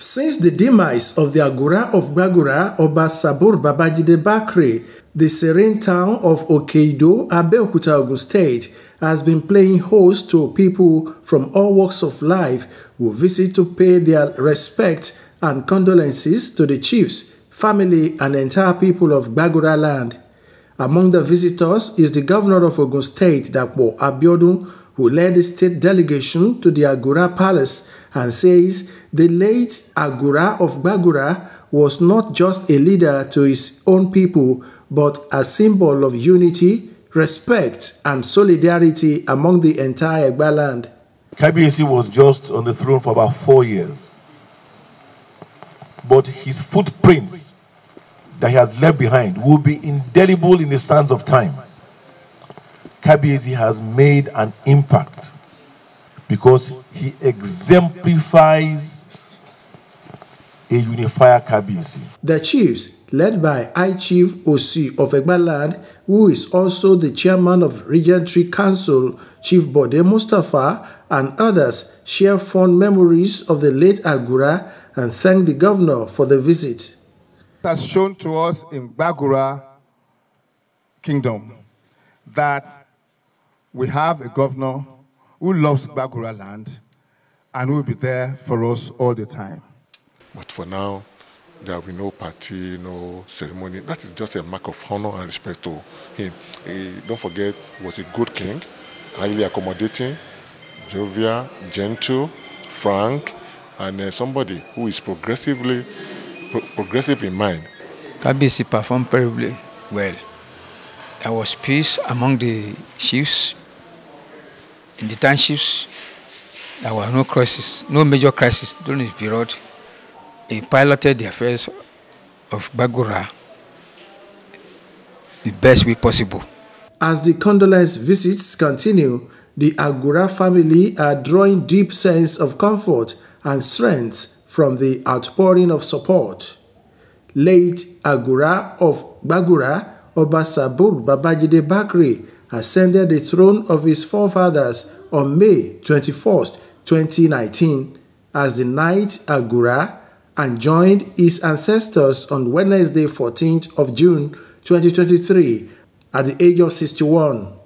Since the demise of the Agura of Bagura Oba Sabur Babajide Bakre, the serene town of Okeido, Abeokuta, Ogun State, has been playing host to people from all walks of life who visit to pay their respect and condolences to the chiefs, family, and entire people of Bagura land. Among the visitors is the governor of Ogun State, Dapo Abiodun, who led the state delegation to the Agura Palace and says the late Agura of Bagura was not just a leader to his own people, but a symbol of unity, respect, and solidarity among the entire Egba land. was just on the throne for about four years, but his footprints that he has left behind will be indelible in the sands of time. Kabiyesi has made an impact because he exemplifies a unifier cabinet. The chiefs, led by I Chief Osi of Egbaland, who is also the chairman of Regentry Council, Chief Bode Mustafa, and others, share fond memories of the late Agura and thank the governor for the visit. Has shown to us in Bagura Kingdom that we have a governor who loves Bagura land and will be there for us all the time. But for now, there will be no party, no ceremony. That is just a mark of honor and respect to him. He, eh, don't forget, he was a good king, highly accommodating, jovial, gentle, frank, and uh, somebody who is progressively pro progressive in mind. KBC performed terribly well. There was peace among the chiefs in the townships, there was no crisis, no major crisis during the period. He piloted the affairs of Bagura the best way possible. As the condolence visits continue, the Agura family are drawing deep sense of comfort and strength from the outpouring of support. Late Agura of Bagura, Obasabur Babajide Bakri, ascended the throne of his forefathers on May 21, 2019, as the Knight Agura and joined his ancestors on Wednesday, 14th of June 2023, at the age of 61.